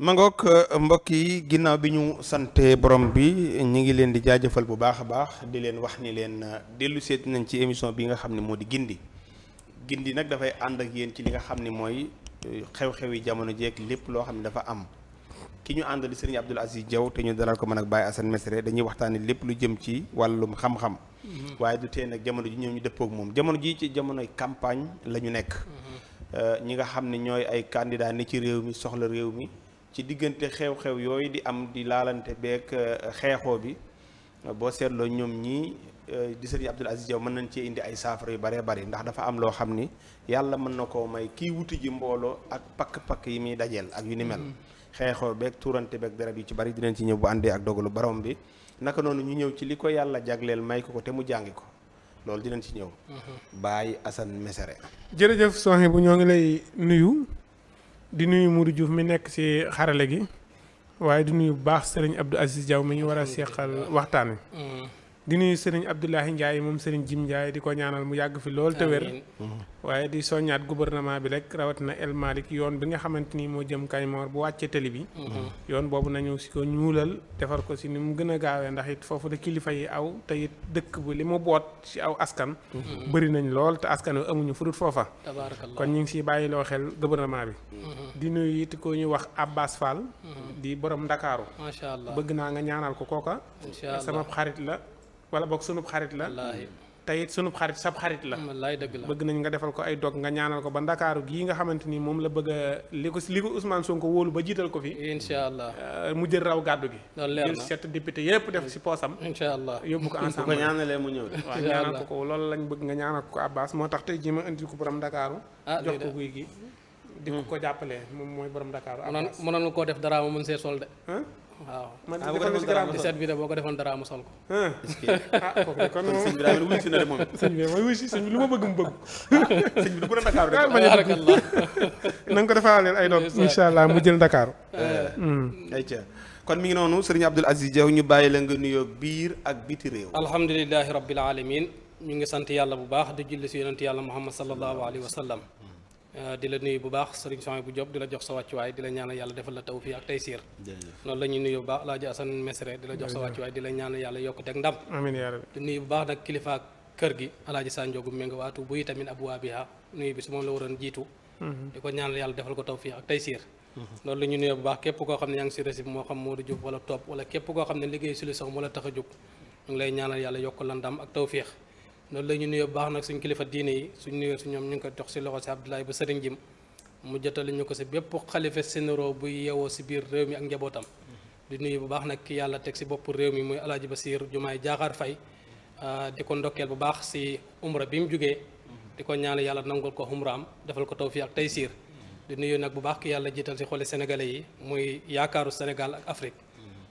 mangook euh, mbokk yi ginnaaw bi ñu sante borom bi ñu ngi leen di jaajëfal bu baax a baax di leen wax ni leen euh, dellu seet nañ ci émission bi nga xam ne moo di gindi gindi nag dafay ànd ak yéen ci li nga xam ne mooy euh, xew-xew yi jamono jeeg lépp loo xam ne dafa am ki ñu ànd di sëriñ Abdoul Aziz te ñu dalal ko mën ak Baye Assane Mesre dañuy waxtaanee lépp lu jëm ci wàllum xam-xam mm-hmm. waaye du tee nag jamono ji ñoom ñu dëppook moom jamono ji ci jamonoy campagne la ñu nekk mm-hmm. ñi nga xam ne ñooy ay candidat ni ci réew mi soxla réew mi ci diggante xew-xew yooyu di am di laalante beeg euh, xeexoo bi boo seetloo ñoom ñii euh, di sëriñ Abdoul Aziz Diaw mën nañ cee indi ay saafara yu baree bari ndax dafa am loo xam ni yàlla mën na koo may kii wuti ji mbooloo ak pakk-pakk yi muy dajeel ak yu ni mel mm-hmm. xeexoo beek tuurante beeg deret yu ci bari dinañ ci ñëw bu àndee ak dogalu borom bi naka noonu ñu ñëw ci li ko yàlla jagleel may ko ko te mu jàngi ko loolu dinañ ci ñëw mm-hmm. bàyyi Assane Mesere jërëjëf soxna bu ñoo di nuyu Mourou Diouf mi nekk ci xarale gi waaye di nuy bu baax sëriñ Abdou Aziz Diaw mi ñu war a seqal waxtaan wi. Mm. di nuyu sëriñ Abdoulahi yi moom sëriñ Jim Ndiaye di ko ñaanal mu yàgg fi lool te wér. waaye di soññaat gouvernement bi rek rawatina El Malick yoon bi nga xamante ni moo jëm Kaymoor bu wàccee tëli bi. Mm-hmm. yoon boobu nañu si ko ñuulal defar ko si ni mu gën a gaawee ndax it foofu la kilifa yi aw te it dëkk bi li mu boot si aw askan. Mm-hmm. bëri nañ lool te askan wi amuñu fudut foofa. kon ñu ngi siy bàyyiloo xel gouvernement bi. Mm-hmm. di nuy it ko ñu wax Abbas Fall. di borom Ndakaaru. macha allah bëgg naa nga ñaanal ko kooka. sama xarit la. wala boog sunub xarit la teyit sunub xarit sab xarit la bëgg nañ nga defal ko ay dog nga ñaanal ko ba ndakaaru gii nga xamante ni moom la bëgg a li ko li ko Sonko wóolu ba jiital ko fi incha allah euh, mu jël raw gàddu gi jël sept député yépp def si poosam incha allah yóbbu ko ensemble ko ñaanalee mu ñëw de waaw ñaanal ko ko loolu lañ bëgg nga ñaanal ko Abbas moo tax tey jii ma indi ko borom ndakaaru ah, jox ko guy gi di ko hmm. ko jàppale moom mooy borom ndakaaru mënoon mënoon nga koo def dara ma mën see sol de waaw man ah, bi de boo ko defoon dara mu sol ko. Ah. Ah, kon moom bi daal wuyu si na de moom. sëñ bi mooy wuyu si sëñ bi lu ma bëgg mu bëgg. sëñ bi du ko doon Dakar rek. na incha allah mu jël Dakar. Eh, hmm. kon mi ngi noonu sëriñ Abdoul Aziz Diaw ñu bàyyi la nga nuyoo biir ak biti réew. alhamdulilahi rabbil alamin ñu ngi sant yàlla bu baax di julli si yonent yàlla Muhammad sallallahu alayhi wa sallam Euh, di la nuyu bu baax sëriñ Soxna bu Diop di la jox sa wàccuwaay di la ñaanal yàlla defal la tawfiq ak taysiir noonu la ñuy nuyu bu baax Alaaji Asan Mesere di la jox sa wàccuwaay di la ñaanal yàlla yokkute ak mhm. mhm. képp koo xam ne yaa si récib moo xam Modou Diop wala topp wala képp koo xam ne liggéey solution moo la tax a jóg ñu lay ñaanal yàlla yokk la ndam ak tawfiq loolu la ñu nuyoo baax nag suñ kilifa diine yi suñ nuyoo si ñoom ñu ngi koy jox si loxo si Abdoulaye bu sëriñ Jim mu jotali ñu ko si bépp xalifa sénéro si biir réew mi ak njabootam di nuyu bu baax nag ki yàlla teg si bopp réew mi muy alaaji Basiir Jumaay Jaaxaar Fay ah, di ko ndokkeel bu baax si umra bi mu jugee di ko ñaanal yàlla nangul ko umraam defal ko tawfiq ak siir di nuyu nag bu baax ki yàlla jiital si xoli sénégalais yi muy yaakaaru Sénégal ak Afrique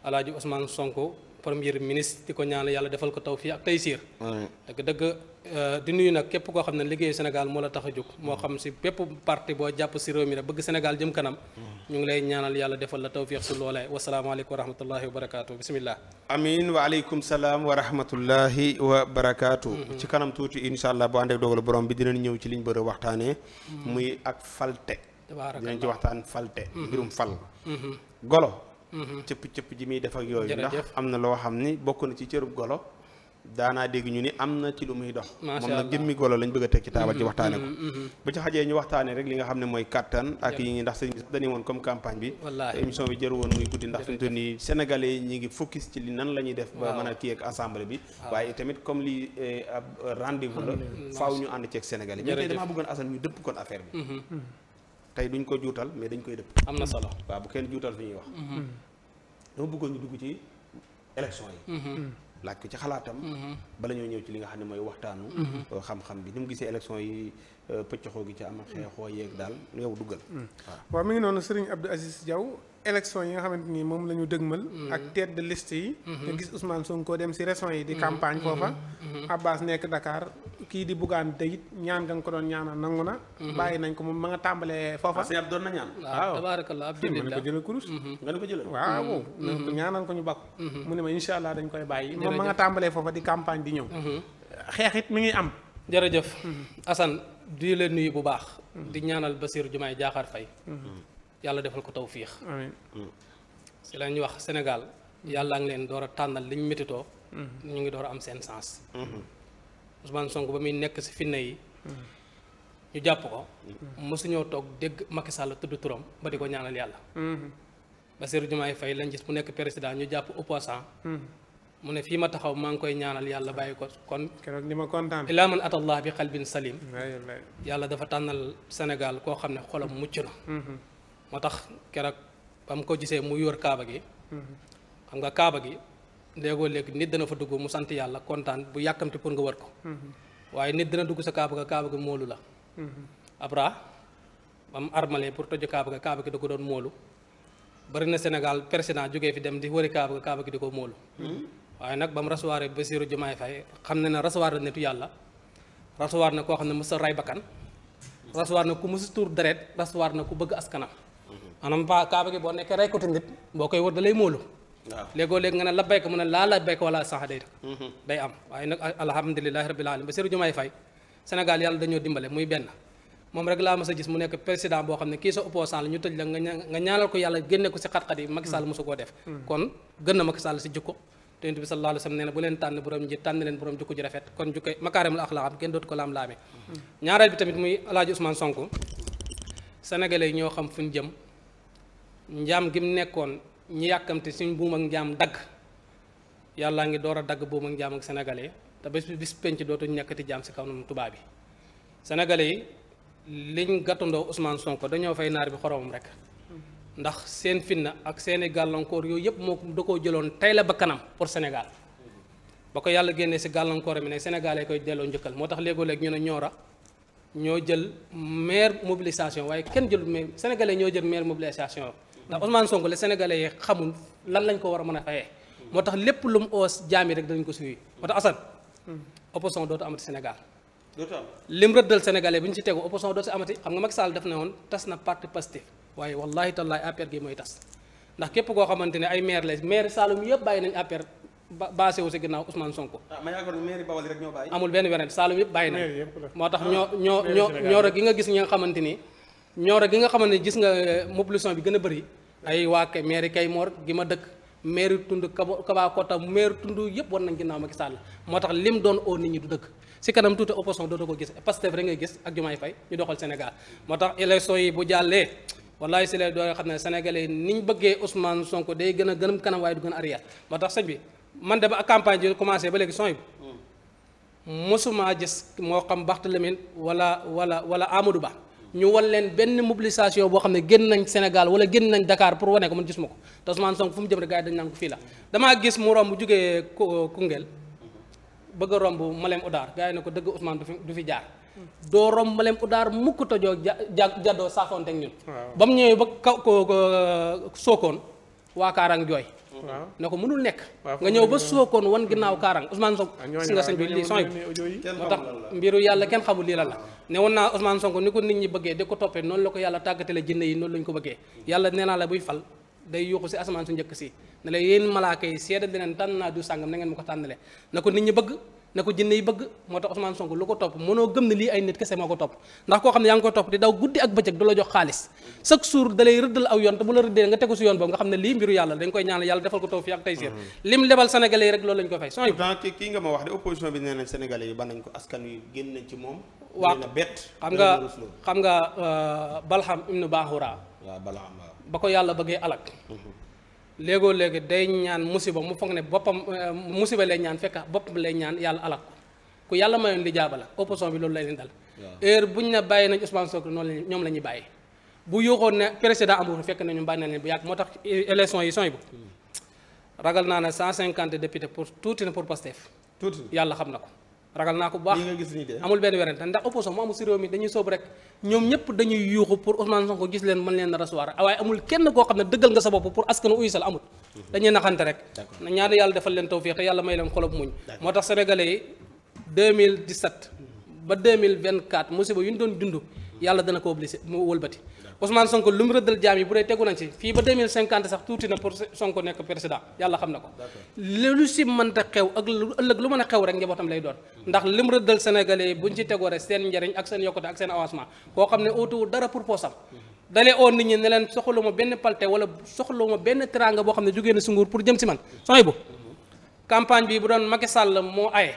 alaaji Ousmane Sonko premier ministre di ko ñaanal yàlla defal ko tawfiq ak taysiir dëgg dëgg euh, di nuyu nag képp koo xam ne liggéeyu Sénégal moo la tax a jóg moo xam si bépp parti boo jàpp si réew mi rek bëgg Sénégal jëm kanam mm. ñu ngi lay ñaanal yàlla defal la tawfiq su loolee wasalaamaaleykum wa rahmatullahi wa barakaatu bismillah amin waaleykum salaam wa rahmatullahi wa barakaatu mm-hmm. ci kanam tuuti insha allah bu àndek dogal borom bi dinañ ñëw ci liñ bëgg a waxtaanee mm-hmm. muy ak falte dinañ ci waxtaan falte mm-hmm. mbirum fal Mm-hmm. cëpp-cëpp ji muy def ak yooyu ndax am na loo xam ni bokk na ci cërub golo daanaa dégg ñu ni am na ci lu muy dox moom nag jëmmi golo lañ bëgg a teg ci taabal ci mm-hmm. waxtaane ko mm-hmm. bu ci xajee ñu waxtaane rek li nga xam ne mooy kattan ak yi ngi ndax sëñ dañu woon comme campagne bi émission bi jër woon muy guddi ndax suñu ni sénégalais yi ñu ngi focus nan la ñuy def ba mën a kii bi waaye tamit comme li eh, ab rendez-vous la faaw ñu ànd ceeg sénégalais mais tey damaa bëggoon Assane ñu dëpp kon affaire bi tey duñ ko juutal mais dañ koy dëpp am na solo waaw bu kenn juutal fi ñuy wax dama bëggoon ñu dugg ci élection yi. Mhm. Mm-hmm. laaj ko ci xalaatam. Mhm. bala ñoo ñëw ci li nga xam ne mooy waxtaanu. Mhm. Euh, xam-xam bi ni mu gisee élection yi euh, pëccoxoo gi ci am mm. xeexoo yeeg daal yow duggal. Mm. waaw mi ngi noonu Serigne Abdou Aziz Diaw. élection yi nga xamante ni moom la ñu dëgmal. Mm-hmm. ak tête de liste yi. Mm-hmm. nga gis Ousmane Sonko dem si régions yi di mm-hmm. campagne foofa. Abbas nekk ndakaar kii di buggaan te it ñaan nga ko doon ñaanal nangu na. bàyyi nañ ko moom ma nga tàmbalee foofa. parce doon na ñaan. waaw tabaarakallah ab ko jëlee kurus. nga ko waaw. ñaanal ko ñu bakk. mu ne ma incha allah dañ koy bàyyi. moom ma nga tàmbalee foofa di campagne di ñëw. xeex it mi ngi am. jërëjëf. Assane di la nuyu bu baax. di ñaanal Bassirou Diomaye Diakhar Faye yàlla defal ko tawfiix si la ñuy wax Sénégal yàlla ngi leen door a tànnal liñ métitoo mm-hmm. ñu ngi door a am seen sens mm-hmm. Ousmane Sonko ba muy nekk si finna yi mm-hmm. ñu jàpp ko mosuñoo toog dégg Macky Sall tudd turam ba di ko ñaanal yàlla Bassirou Diomaye Faye lañ gis mu nekk président ñu jàpp opposant mu ne fii ma taxaw maa ngi koy ñaanal yàlla bàyyi ko kon keroog ni ma kontaan ilaa man atallah bi xalbin salim yàlla dafa tànnal Sénégal koo xam ne xolam mucc na moo tax keroog ba mu ko gisee muy yor kaaba gi xam nga kaaba gi léegoo léegi nit dana fa dugg mu sant yàlla kontaan bu yàkkamti pour nga wër ko waaye nit dana dugg sa kaaba ga kaaba gi moolu la abra pour toj kaaba kaaba gi da ko doon moolu bari na Sénégal président jóge fi dem di wëri kaaba kaaba gi di ko moolu waaye nag ba mu ba Bassirou Diomaye Faye xam ne na recevoir la nitu yàlla recevoir na koo xam ne mu a ray bakkan recevoir na ku mës a tuur deret recevoir na ku bëgg askanam maanaam ba kaaba gi boo nekkee rey ko nit boo koy wër da lay móolu waaw léegoo léegi nga ne labbayk mu ne laa labbayk wala saxadayk mm-hmm. day am waaye nag alhamdulilahi rabbil alamin ba Bassirou Diomaye Faye Sénégal yàlla dañoo dimbale muy benn moom rek laa mas a gis mu nekk président boo xam ne kii sa opposant la ñu tëj la nga ñaanal ko yàlla génne ko si xat-xat yi mm-hmm. Macky Sall mosu koo def kon gën na Macky Sall si jikko te yonent bi sallallahu alayhi wasallam nee na bu leen tànn borom njiit tànn leen borom jikko ji rafet kon jukkoy makaarimul axlaaq am kenn dootu ko laam-laamee mm-hmm. ñaareel bi tamit muy alaaji Ousmane Sonko sénégalais yi ñoo xam fu ñu jëm njaam gi mu nekkoon ñi yàkkamte suñ buum ak njaam dagg yàllaa ngi door a dagg buum ak njaam ak sénégalais te bés bis penc dootu nekkati jaam si kaw noonu tubaab yi sénégalais yi liñ gàttandoo Ousmane Sonko dañoo fay naar bi xoromam rek ndax seen fitna ak seeni gàllankoor yooyu yëpp moo da koo jëloon tey la ba kanam pour Sénégal ba ko yàlla génnee si gàllankoor mi ne Sénégalais koy delloo njëkkal moo tax léegoo-léeg ñu ne ñoora ñoo jël maire mobilisation waaye kenn jël mais sénégalais ñoo jël maire mobilisation ndax Ousmane Sonko le sénégalais yi xamul lan lañ ko war a mën a fayee moo tax lépp lu mu oos jaami rek danañ ko suy moo tax Assane opposition dootu amati Sénégal lim rëddal sénégalais bi ñu ci tegu opposition dootu si amati xam nga Macky Sall def na woon tas na parti Pastef waaye wallahi tallaay APR gi mooy tas ndax képp koo xamante ne ay maire la maire Saloum yëpp bàyyi nañ APR ba basé wu si ginnaaw Ousmane Sonko. ah ma yaakaar ñoo bàyyi. amul benn weneen Saloum yëpp bàyyi nañ. moo tax ñoo ñoo ñoo ñoo rek nga gis ñi nga xamante ni ñooro gi nga xamante ne gis nga population eh, bi gën a bëri ay waa mairie Kaymoor gi ma dëkk mairie tund Kabakota mairie tund yëpp war nañ ginnaaw Macky Sall moo tax lim doon oo nit ñi du dëkk si kanam tuuti opposition dootoo ko gis Pastef rek ngay gis ak Diomaye Faye ñu doxal Sénégal moo tax élection yi bu jàllee wallaay si lay doon xam ne sénégalais ni ñu bëggee Ousmane Sonko day gën a gën kanam waaye du gën a arrière moo tax sëñ bi man de ba campagne bi commencé ba léegi son bi hmm. mosuma gis moo xam Barthélémy wala wala wala Amadou Ba ñu wan leen benn mobilisation boo xam ne génn nañ Sénégal wala génn nañ dakaar pour wane ko man gis ma ko te Ousmane Sonko fu mu jëm rek gars yi dañ naan fii la damaa gis mu romb jógee Koungheul bëgg romb Malem Odar gars yi ne ko dëgg Ousmane du fi du fi jaar doo romb Malem Odar mukk tojoo ja jaddoo saafoonte ak ñun ba mu ñëwee ba kaw ko Sokone waa Kaarang jooy na ko mënul nekk nga ñëw ba sookoon wan ginnaaw kaarang Ousmane Sonko ah, si nga sëñ bi lii son moo tax mbiru yàlla kenn xamul lii la la ne woon naa Ousmane Sonko ni ko nit ñi bëggee di ko toppee noonu la ko yàlla tàggatale jinne yi noonu lañ ko bëggee yàlla nee naa la buy fal day yuuxu si asamaan su njëkk si ne la yéen malaaka yi seedal tànn naa du sàngam na ma ko tànnale na ko nit ñi bëgg ne ko jinne yi bëgg moo tax Ousmane Sonko lu ko topp mënoo gëm ne lii ay nit kese moo ko topp ndax koo xam ne yaa ngi koy topp di daw guddi ak bëccëg du la jox xaalis chaque jour da lay rëddal aw yoon te bu la rëddee nga tegu si yoon boobu nga xam ne lii mbiru yàlla dañ koy ñaanal yàlla defal ko taw fii ak taysiir mm-hmm. lim lebal sénégalais yi rek loolu lañ ko fay soy kii nga ma wax de opposition bi nee na sénégalais yi ban nañ ko askan wi génn nañ ci moom waa bett xam nga euh, ba ko yàlla bëggee alak mm-hmm. léegoo léegi day ñaan musiba mu foog ne boppam euh, musiba lay ñaan fekk boppam lay ñaan yàlla alak ko ku yàlla mayoon li jaaba la opposition bi loolu lay leen dal. heure buñ ne bàyyi nañ Ousmane noonu la ñoom la ñuy bàyyi. bu yuuxoon ne président amul fekk nañu bàyyi na leen bu yàgg moo tax élection yi sooy bu hmm. ragal naa ne cent 150 députés pour tuuti na pour Pastef. tuuti yàlla xam na ko. ragal naa ko baax amul benn werante ndax opposition mu amul si dañuy soobu rek ñoom ñëpp dañuy yuuxu pour Ousmane Sonko gis leen mën leen recevoir waaye amul kenn koo xam ne dëggal nga sa bopp pour askanu uysal amul mhm. dañuy naxante rek na yàlla defal leen tawfiq te yàlla may leen xolob muñ moo tax sénégalais yi 2017 ba 2024 musiba yu ñu doon dund yàlla dana ko obligé mu wëlbati Ousmane Sonko lu mu rëddal jaam yi bu dee tegu nañ ci fii ba sax tuuti na pour Sonko nekk président yàlla xam na ko lu si mënta xew ak lu ëllëg lu mën a xew rek njabootam lay doon ndax li mu rëddal sénégalais yi buñ ci tegoo rek seen njëriñ ak seen yokkute ak seen avancement koo xam ne ootuwul dara pour poosam dalee oo nit ñi ne leen soxluma benn palte wala soxluma benn teranga boo xam ne jógee na si pour jëm si man soxna bu campagne bi bu doon Macky Sall moo aye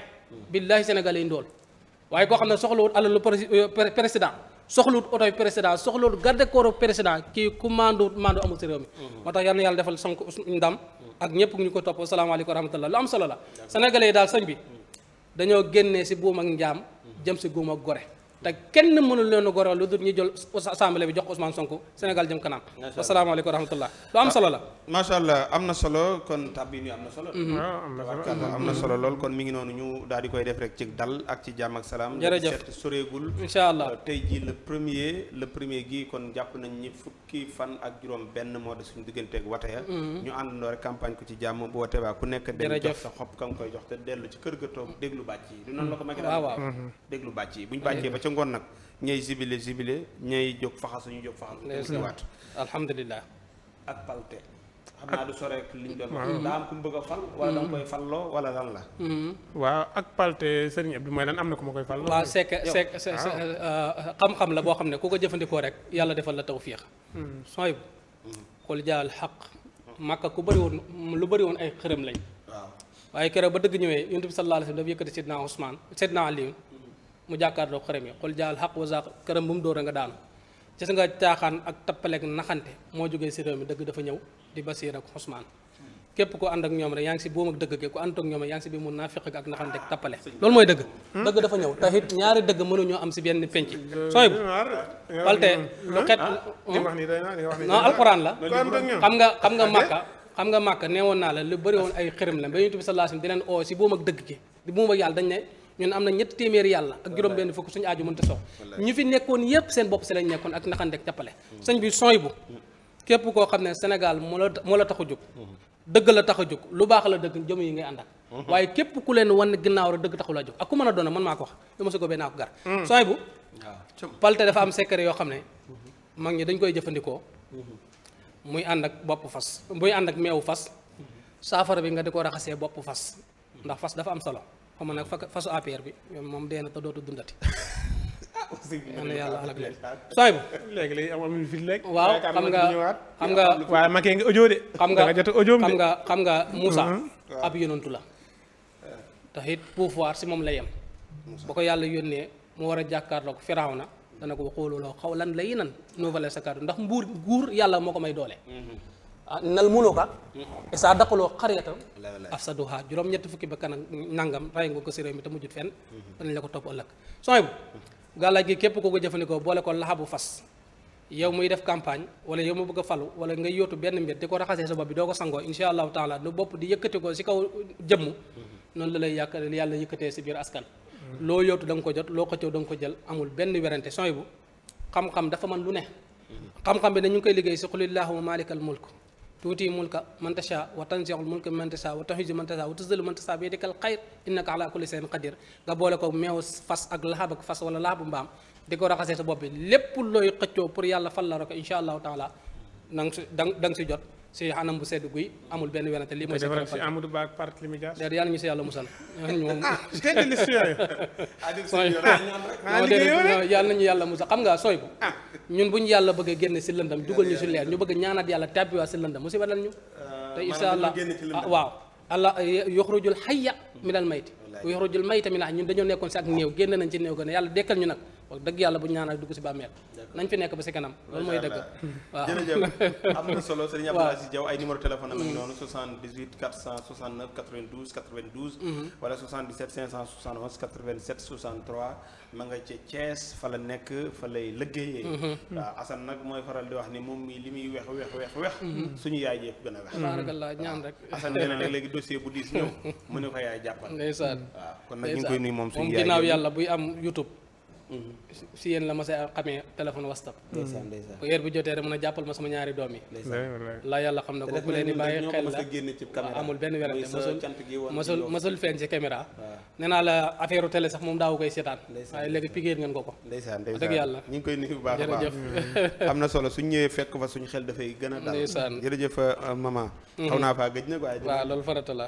billaahi sénégalais yi ndool waaye koo xam soxluwut otoy président soxluwut garde corps président kii ku maandu maandu amul si réew mi mhm. moo tax yal na yàlla defal Sonko ndam ak ñëpp ñu ko topp salaamaaleykum wa rahmatullah lu am solo la sénégalais yi daal sëñ bi dañoo génnee si buum ak njaam jëm si buum ak gore te kenn mënul leen a goreel lu dul ñu jël assemblée bi jox ko Ousmane Sonko Sénégal jëm kanam. asalaamaaleykum wa rahmatullah lu am solo la. Ah, macha allah am na solo kon tab bi am na solo. waaw mhm. ah, am na solo lool kon mi ngi noonu ñu daal di koy def rek ci dal ak ci jàmm ak salaam. jërëjëf seet soreegul. incha allah euh, tey jii la premier le premier gi kon jàpp nañ ni fukki fan ak juróom benn moo de suñu digganteeg wateya mhm. ñu àndandoo rek campagne ko ci jàmm boo watee ku nekk. dem jox sa ka nga koy jox te dellu ci kër ga toog déglu bàcc yi. du noonu ca ngoon nag ñay sibile sibile ñay jóg faxasu ñu jóg faxasu waat alhamdulilah ak palte xam naa du sore liñ doon wax daa am ku mu bëgg a fal wala da nga koy falloo wala lan la mm-hmm. waaw ak palte sëriñ Abdou mooy am na ku ma koy falloo waaw c'est que c'est que ah. euh, euh, xam-xam la boo xam ne ku ko jëfandikoo rek yàlla defal la tawfiix mm. sooy xool mm-hmm. jaal xaq màkka ku bëri woon lu bari woon ay xërëm lañ waaw waaye keroog ba dëgg ñëwee yonent bi sallallahu alayhi wa dafa yëkkati Seydina Ousmane Seydina Aliou mu jàkkaarloo wa zaaq këram bu mu dóor a nga moo jógee si réew mi dëgg dafa ñëw di Basiir ak Ousmane képp ku ànd si boom ak dëgg ke ku ànd ak ñoom rek yaa ngi si biir mun naa fiq ak naxante ak tappale loolu mooy dëgg hmm? dëgg dafa ñëw te it ñaari dëgg mënuñoo am si benn penc sooy bu walte lu hmm? xet ah, non alquran la xam nga xam nga màkka xam nga màkka nee woon naa la lu bëri woon ay xërëm la ba yonent bi sallallahu alayhi wasallam di leen oo si boom ak dëgg ki di ak yàlla dañ ne ñun am na ñetti téeméeri yàlla ak juróom benn fukk suñu aaju mënta sox ñu fi nekkoon yépp seen bopp si lañ nekkoon ak naxandek jàppale sëñ bi sooy bu képp koo xam ne Sénégal moo la moo la tax a jóg dëgg la tax a jóg lu baax la dëgg jëm yi ngay ànd ak mhm. waaye képp ku leen wan ginnaaw rek dëgg taxu laa jóg ak ku mën a doon mën maa ko wax li ma si góobee naa ko gar mhm. sooy bu palte dafa am secret yoo xam ne mag ñi dañ koy jëfandikoo mhm. muy ànd ak bopp fas muy ànd ak meewu fas saafara bi nga di ko raxasee bopp fas ndax fas dafa am solo xaw ma nag fa fasu APR bi moom dee na te dootu dundati. man ah, na yàlla alak leen sooy bu léegi léegi amuñu fi léegi waaw xam nga xam nga waaye makee nga xam nga xam nga xam nga Moussa mm-hmm. ab yonantu la eh. tax it pouvoir si moom la yem boo ko yàlla yónnee mu war a jàkkaarloog na dana ko xooluloo xaw lan la yi nan nouvelle sa kàddu ndax mbuur nguur yàlla moo ko may doole mm-hmm. Ah, nalmunuka isa mm-hmm. daqaloo xariyatan afsaduha juróom-ñetti fukki ba kan ak nangam rey nga ko si réew mi te mujjut fenn mm-hmm. danañ la ko topp ëllëg sooy bu gàllaaj gi képp koo ko jëfandikoo boole ko laxabu fas yow muy def campagne wala yow mu bëgg falu wala nga yóotu benn mbir di ko raxasee sa bopp bi doo ko sangoo insha allahu taala nu bopp di yëkkati ko si kaw jëmm mm-hmm. noonu la lay yàq yàlla yëkkatee si biir askan loo yootu da nga ko jot loo xëccoo da ko jël amul benn werante sooy bu xam-xam dafa man lu ne xam-xam bi ne ñu ngi koy liggéey si xulillahuma malikal mulk tuuti mulka man tasha wa tanzi'ul mulka man tasha wa tu'izzu man tasha wa tuzillu man tasha bi yadikal xayr innaka ala kulli shay'in qadir nga boole ko meew fas ak laxab ak fas wala laxabu mbaam di ko raxasee sa bopp bi lépp looy xëccoo pour yàlla fal la rek incha allahu taala na nga si da nga si jot si anam bu sedd guy amul benn werante lii mooy. te defaral si Amadou Ba ak parti Limidias. déedéet yàlla ñu si yàlla musal. ah tedd ah, liste yooyu. yàlla nañu yàlla musal xam nga sooy bu ah. ñun bu ñu yàlla bëgg a génne si lëndam dugal ñu si leer ñu bëgg ñaanaat yàlla tàbbiwaat si lëndam musiba dal ñu. Euh, te incha allah ah, waaw. allah eh, yoxrujul xayya minal mayti yoxrujul mayta minal ñun dañoo nekkoon si ak néew génn nañ ci néew gën a yàlla dekkal ñu nag wax dëgg yàlla bu ñu naan ak dugg si bàmmeel nañ fi nekk ba si kanam loolu mooy dëgg waaw jërëjëf am na solo sëriñ Abdou Aziz Diaw ay numéro téléphone am mm. ak mm-hmm. mm-hmm. mooy faral di wax ni moom li muy wex wex wex a wex baarakallah ñaan rek ñëw moom ginnaaw yàlla buy am YouTube si yéen la ma sa xamee téléphone whatsapp bu heure bu jotee rek mën a jàppal ma sama ñaari doom yi la yàlla xam na ko ku leen di bàyyi xel la amul ci caméra nee la affaire télé sax moom daaw koy seetaan waaye léegi piqué ngeen ko ko ndeysaan dëgg yàlla ñu ngi koy nuyu bu baax a baax jërëjëf am na solo suñ ñëwee fekk fa suñ xel dafay gën a dal ndeysaan jërëjëf euh, maman mm-hmm. xaw naa faa gëj nag waaye waaw loolu farata la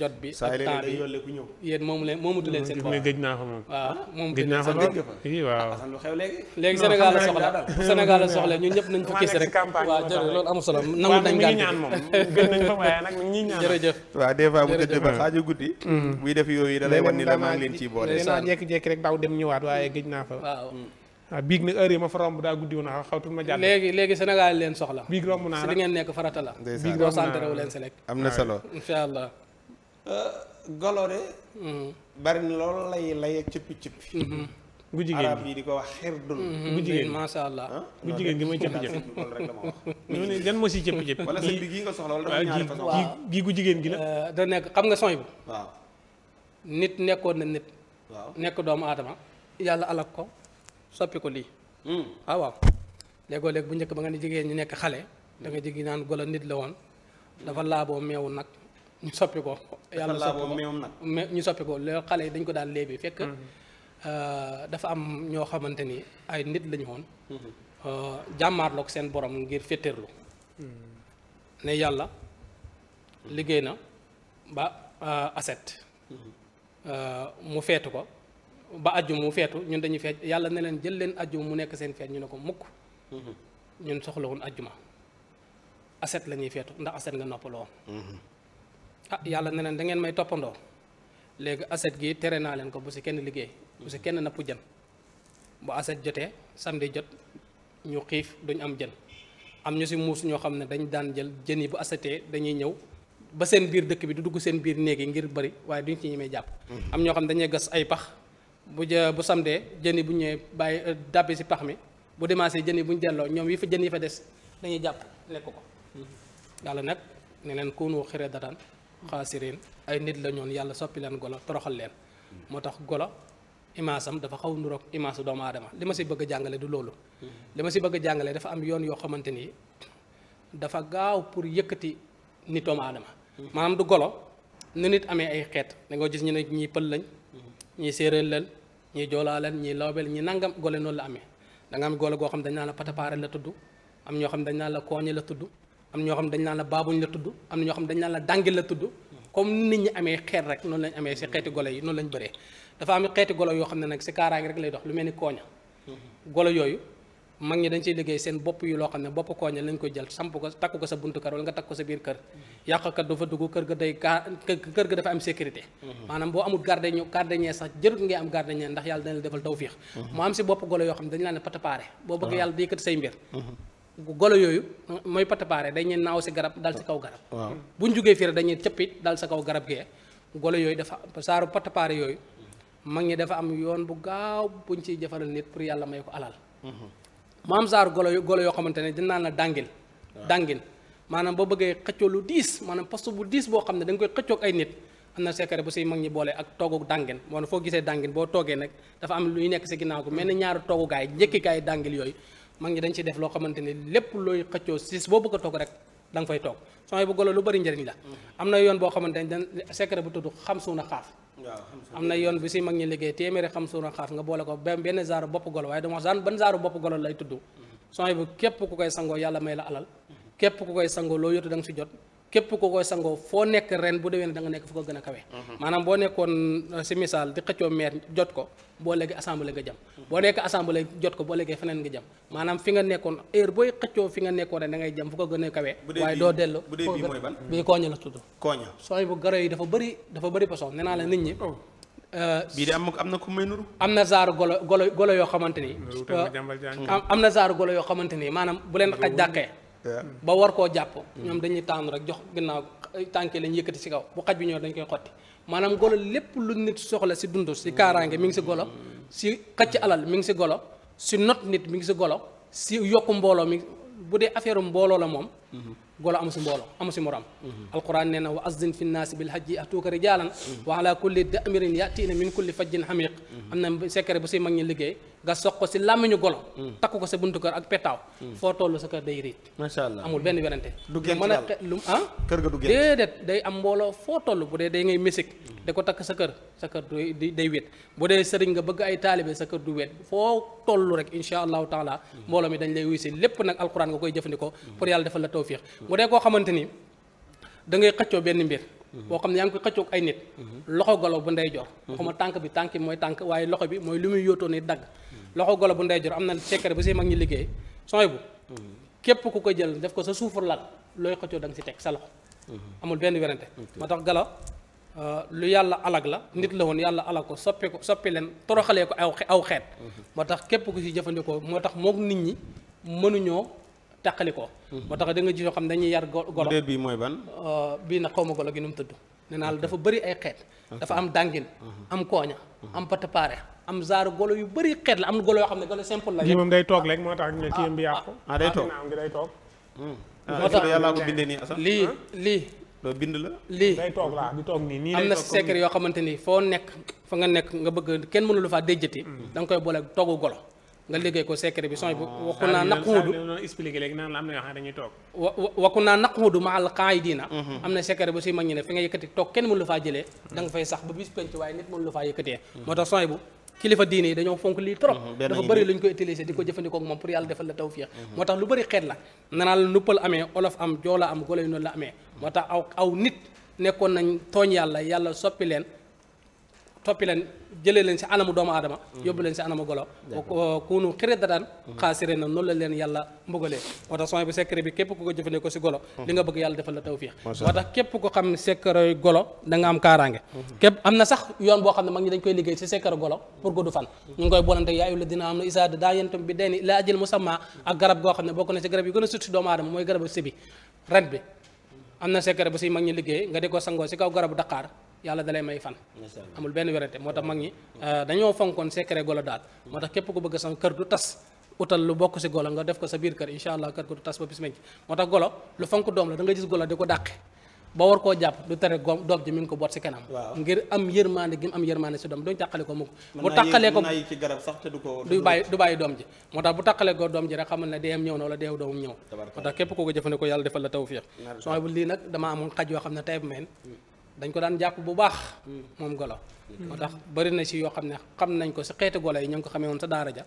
jot bi ak temps bi yéen moomu leen moomutu leen seen waaw moom gëj naa fa waaw Assane lu xew léegi. léegi Sénégal la soxla Sénégal la soxla ñun ñëpp nañ focus rek waaw jërëjëf loolu solo nangu nañ gàtt ñaan moom gën nañ fa waaye nag ñi tëdd ba xaaju guddi mm-hmm. buy def yooyu da lay wan ni la maa ngi leen ciy boole naa jékki-jékki rek daaw dem ñëwaat waaye gëj naa fa waaw waaw ah, yi ma fa romb daa guddi woon ah, a ma jàll léegi léegi Sénégal leen soxla biig romb naa si di ngeen nekk farata la biig doo santé rew leen si rek am na solo incha allah euh, golo de mm-hmm. bari lay lay ak gu jigéen gi arab di ko wax xirdun. gu mm-hmm. jigéen gi macha allah. gu ah? jigéen gi mooy cëpp cëpp. loolu si cëpp cëpp. gii nga soxla wala dafa ñaari façon. waaw gii gu jigéen gi la. Euh, da nekk xam nga sooy bu. waaw. nit nekkoon na nit. waaw nekk doomu aadama. yàlla alag ko soppi ko lii. Hmm. ah waaw léegoo léeg bu njëkk ba nga ne jigéen ñu nekk xale. danga nga naan golo nit la woon. dafa laaboo meewu nag. ñu soppi ko. yàlla soppi ko dafa laaboo ñu soppi ko loolu xale yi dañ ko daan léebi fekk hmm. Euh, dafa am ñoo xamante ni ay nit lañu woon mm-hmm. euh, jàmmaarloog seen borom ngir féeteerlu mm-hmm. ne yàlla mm-hmm. liggéey na ba euh, aset mu feetu ko ba ajju mu feetu ñun dañuy feet yàlla ne leen jël leen ajju mu nekk seen feet ñu ne ko mukk ñun soxla soxlawun ajjuma aset la ñuy feetu ndax asset nga noppaloo ah yàlla ne leen da ngeen may toppandoo léegi aset gi tere naa leen ko bu si kenn liggéey bu si kenn napp jën bu aset jotee samedi jot ñu xiif duñ am jën am ñu si muus ñoo xam ne dañ daan jël jën yi bu asetee dañuy ñëw ba seen biir dëkk bi du dugg seen biir néegi ngir bëri waaye duñ ci ñemee jàpp mhm. am ñoo xam ne dañuy gas ay pax bu jë bu samdee jën yi bu ñëwee bàyyi euh, dàbbi si pax mi bu demaasee jën yi bu ñu ñoom yi fa jën yi fa des dañuy jàpp lekk ko mhm. yàlla nag ne leen kuunu xire datan xaasiriin ay nit la ñoon yàlla soppi leen golo toroxal leen mhm. image am dafa xaw nuroog image doomu aadama li ma si bëgg a jàngale du loolu li ma si bëgg a jàngale dafa am yoon yoo xamante ni dafa gaaw pour yëkkati nitoomu doomu aadama maanaam du golo ni nit amee ay xeet da nga gis ñu ne ñii pël lañ ñii séeréer lañ ñii joolaa lañ ñii lawbel ñii nangam gole noonu amee da am golo goo xam dañ naan la patapaare la tudd am ñoo xam dañ naan la kooñe la tudd am ñoo xam dañ naan la baabuñ la tudd am na ñoo xam dañ naan la dàngil la tudd comme nit ñi amee xeet rek noonu lañ amee si xeeti golo yi noonu lañ bëree dafa am xeeti golo yoo xam ne nag si kaaraange rek lay dox lu mel ni kooña golo yooyu mag ñi dañ ciy liggéey seen bopp yu loo xam ne bopp kooña lañ koy jël samp ko takk ko sa buntu kër wala nga takk ko sa biir kër yàqkat du fa dugg kër ga day gaa kër ga dafa am sécurité maanaam boo amul garde ñu gardien sax jërut ngay am gardien ndax yàlla dana defal tawfiix mu am golo yoo xam ne dañ laa ne patapaare boo bëgg yàlla day yëkkati say mbir golo yooyu mooy patapaare dañuy naaw si garab dal si kaw garab bu ñu jógee fii rek dañuy cëppit dal sa kaw garab gee golo yooyu dafa saaru patapaare yooyu mag ñi dafa am yoon bu gaaw buñ ciy jëfalal nit pour yàlla may ko alal mm-hmm. mu am saaru golo yoo xamante ne dinaan naa dàngil dàngil maanaam boo bëggee xëccoo lu diis maanaam poste bu diis boo xam ne da nga koy xëccoog ay nit am na secret bu si mag ñi boole ak toogu dàngin moom foo gisee boo toogee nag dafa am luy nekk si ginnaaw ko mel ni ñaari toogukaay njëkkikaay dàngil yooyu mag ñi dañ ciy def loo xamante ni lépp looy xëccoo siis boo bëgg a toog rek da nga fay toog sooy bu golo lu bari njëriñ la mm-hmm. am na yoon boo xamante ni dañ secret bu tudd xam suuna xaaf am na yoon bi si mag ñi liggéey téeméeri xam suuna xaaf nga boole ko benn genre bopp golo waaye dama wax genre bopp golo lay tudd mm-hmm. sooy bu képp ku koy sangoo yàlla may la alal mm-hmm. képp ku koy sangoo loo yotu da si jot képp ko koy sangoo foo nekk ren bu déwénee da nga nekk fu ko gën a kawe. Mhm. maanaam boo nekkoon euh, si misaal di xëccoo maire jot ko boo léegi assemblée nga jëm. Mhm. boo nekk assemblée jot ko boo léegi feneen nga jëm maanaam fi nga nekkoon heure booy xëccoo fi nga nekkoon ren da ngay jëm fu ko gën a kawe. waaye doo dellu bu dee a mooy ban sooy bu garo dafa bëri dafa bëri façon nee naa la nit ñi. Oh. Euh, bii de am am na ku may nuru. am na zaaru golo golo golo yoo xamante ni. am na zaaru golo yoo xamante ni maanaam bu leen xaj dàqee ba war koo jàpp ñoom dañuy taanu rek jox ginnaaw tànke lañu yëkkati si kaw bu xaj bi ñëw dañ koy xotti maanaam golo lépp lu nit soxla si dund si kaaraange mi ngi si golo si xëcc mi ngi si golo si not nit mi ngi si golo si yokk mbooloo mi bu dee affaire mbooloo la moom mm-hmm. golo amu si mbooloo amu si morom mm-hmm. alquran nee na wa azdin fi nnaasi bil hajji atuuka rijaalan wa ala kulli damirin yatiina min kulli fajjin xamiq mm-hmm. am na secret bu si mag ñi liggéey nga sox ko si làmmiñu golo mm. takk ko sa buntu kër ak petaaw mm. foo toll sa kër day riit macha allah amul benn wenante du génn mën a lu ah kër ga du génn déedéet day am mbooloo foo toll bu dee day ngay musique mm. da ko takk sa kër sa kër du day wéet bu dee sëriñ nga bëgg ay taalibe sa kër du wéet foo toll rek insha allahu taala mbooloo mi dañ lay wuy si lépp nag alquran nga koy jëfandikoo pour yàlla defal la tawfiix bu dee koo xamante ni da ngay xëccoo benn mbir mm-hmm. boo xam ne yaa ngi koy xëccoog ay nit mm-hmm. loxo golo bu ndey jor mm-hmm. waxuma tànk bi tànk mooy tànk waaye loxo bi mooy lu muy yóotoo ni dagg loxo golo bu ndeyjoor am na secret bu si mag ñi liggéey sooy bu képp ku ko jël def ko sa suufur lal looy xëccoo da nga si teg sa loxo amul benn werante moo tax gala euh, lu yàlla alag la nit la woon yàlla alag ko soppi ko soppi leen toroxalee ko aw aw xeet mhm. moo tax képp ku si jëfandikoo moo tax mook nit ñi mënuñoo taqali ko mhm. moo tax da nga gis yoo xam ne dañuy yar golo bii mooy ban euh, bii nag xaw ma golo gi nu mu tudd nee naa la dafa bëri ay xeet dafa am dàngin mhm. am kooña am am zaaru golo yu bëri xeet la am na golo yoo xam ne golo simple la. ji moom day toog ah, ah, hmm. ah, bi lii lii. loo bind la lii day toog laa di toog nii nii am na secret yoo xamante ni foo nekk fa nga nekk nga bëgg kenn mënu la faa déjjati. Hmm. da nga koy boole toogu golo. nga liggéey ko secret bi son bi waxu naa naquudu expliqué léegi naan la am na yoo xam ne dañuy hmm. am na secret bu si mag ñi ne fi nga yëkkati toog kenn mënu la faa jëlee da nga fay sax ba bis penc waaye nit mënu faa yëkkatee moo tax son bu kilifa diine yi dañoo fonk lii trop mhm, dafa bëri lu ñu koy utiliser di ko jëfandikoo ak moom pour yàlla defal la tawfiix mhm. moo tax lu bëri xeet la nanaa la nuppal amee olof am joola am golo yu noonu la amee moo tax aw aw nit nekkoon nañ tooñ yàlla yàlla soppi leen toppi leen jëlee leen si anamu doomu aadama yóbbu leen si anamu golo kunu xiradatan xaasire na noonu la leen yàlla mbugalee moo tax son bu secret bi képp ku ko jëfandikoo si golo li nga bëgg yàlla defal la tawfiix moo tax képp ko xam secret golo da am kaaraange képp am na sax yoon boo xam ne mag ñi dañ koy liggéey si secret golo pour gudd fan ñu ngi koy boolante yaa ayyuhal lazina aamanu ne bokk na si garab yu gën a si doomu bi am na secret bu si mag ñi liggéey nga di ko sangoo si kaw garabu daqaar yàlla dalay may fan amul benn werante moo tax mag ñi euh, dañoo fonkoon secret golo daal moo tax képp ku bëgg sa kër du tas utal lu bokk si golo nga def ko sa biir kër incha allah kër gu du tax ko dàqe ba war koo jàpp du gi mu am yërmande ko mukk bu tàqalee ko ci garab sax te du bàyyi doom ji moo tax bu tàqalee doom ji rek na wala deew doomum tax képp koo ko jëfandikoo yàlla defal la tawfiix soo bu lii nag dama amoon xaj yoo xam ne tey dañ ko daan jàpp bu baax hmm. moom golo hmm. moo tax bëri na si yoo xam ne xam nañ ko si xeeti golo yi ñu ngi ko xamee woon sa daara ja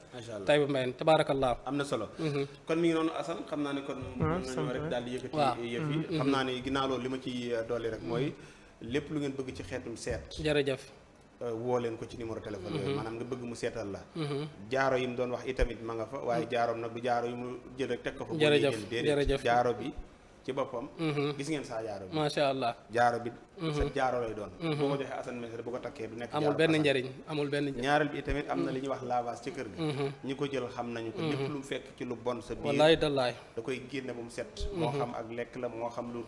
tay ba mbayen tabaarakallaa am na solo hmm. kon mi ngi noonu asan naa ne kon nañu rek daal di yëkkati yëf yi xam naa ci dolli rek mooy lépp lu ngeen bëgg ci euh, ko ci numéro téléphone yooyu maanaam nga bëgg mu seetal la jaaro yi mu doon wax itamit ma nga fa waaye jaaroom nag du jaaro yi mu jël rek teg ko fa jërëjëf jërëjëf jaaro bi ci boppam mhm. gis ngeen saa jaaro bi macha allah jaaro bi mhm. sa jaaro lay doon mhm. boo ko joxee Assane Mesere bu ko takkee du nekk amul bi am na li ñuy wax lavage ci set moo la moo xam lu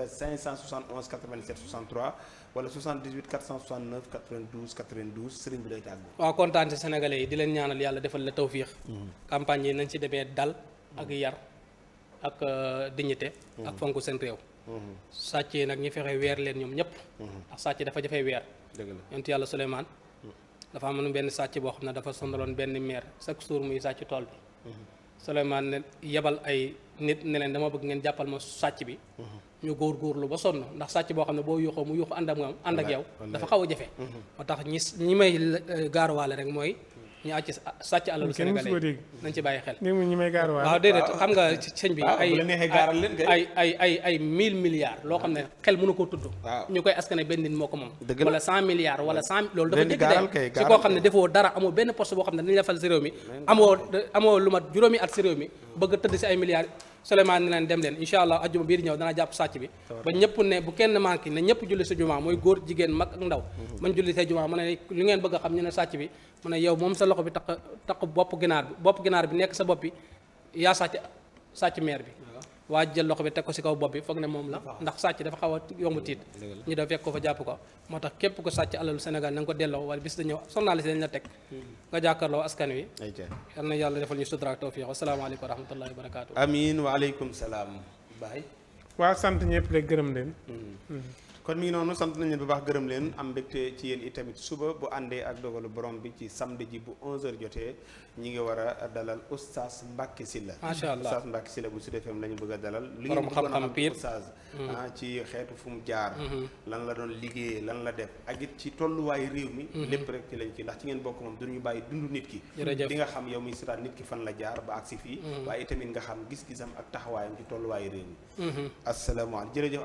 a 571 87 63 wala 78 469 92 92 sëriñ bi lay tàggu. waaw kontaan si sénégalais yi di leen ñaanal yàlla defal la tawfiix. Mm-hmm. campagne yi nañ si demee dal. ak mm-hmm. yar ak euh, dignité. Mm-hmm. ak fonk seen réew. sàcc yi nag ñu fexe weer leen ñoom ñëpp. ndax sàcc dafa jafee weer. dëgg la yonent yàlla Souleymane. dafa amoon benn sàcc boo xam ne dafa sondaloon benn maire chaque jour muy sàcc tool bi. Souleymane ne yebal ay nit ne leen dama bëgg ngeen jàppal ma sàcc bi. ñu góorgóorlu ba sonn ndax sàcc boo xam ne boo yuuxoo mu yuuxu ànd ak moom ànd ak yow dafa xaw a jafe mm-hmm. moo tax ñi euh, ñi may gaaruwaale rek mooy ñu àcc sàcc alalu sénégalais nañ ci ay ay ay loo xam ne xel mënu koo tudd ñu koy askane benn nit moo ko moom wala cent milliards wala cent loolu dafa jëkk de ci koo xam ne defoo dara amoo benn poste boo xam ne dañu la fal si réew mi amoo amoo lu mat juróomi at si réew mi bëgg tëdd si ay milliards Souleymane ni leen dem leen incha allah ajjuma bii di ñëw dana jàpp sàcc bi ba ñëpp ne bu kenn manqué ne ñëpp julli sa jumaa mooy góor jigéen mag ak ndaw man mhm. julli sa jumaa mu ne lu ngeen bëgg a xam ñu ne sàcc bi mu ne yow moom sa loxo bi taq taq bopp ginaar bi bopp ganaar bi nekk sa bopp bi yaa sàcc sàcc meer bi waa jël loxo bi teg ko si kaw bopp bi foog ne moom la ndax sàcc dafa xaw a yomb tiit ñu doo fekk ko fa jàpp ko moo tax képp ko sàcc alalu Sénégal na nga ko delloo wala bis dañëw journaliste dañ la teg hmm. nga jàkkaarloo askan wi yal na yàlla defal ñu sutura ak tawfiq asalaamaaleykum wa rahmatullahi wa barakaatu amiin waaleykum salaam baay waa sant ñëpp de gërëm leen hmm. Hmm. kon mi ngi noonu sant nañ leen bu baax gërëm leen am mbégte ci yéen itamit suba bu àndee ak dogalu borom bi ci samedi ji bu 11h jotee ñi ngi war a dalal oustaz Mbacke Sylla. macha bu Sud FM la ñu bëgg a dalal. li a am oustaz mm-hmm. ah, ci xeetu fu mu jaar. Mm-hmm. lan la doon liggéeyee lan def ak ci tolluwaayu réew mi. Mm-hmm. lépp rek ci lañ ci ndax ci ngeen bokk moom duñu bàyyi dund nit ki. di nga xam yow miy sitaat nit ki fan la jaar ba agsi fii. waaye itamit nga xam gis-gisam ak taxawaayam ci tolluwaayu réew mi. asalaamaaleykum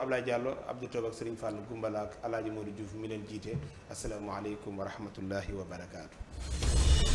Fall Gumbala ak El Hadj Modou Diouf mi leen jiite asalaamaaleykum wa rahmatullahi wa barakaatu.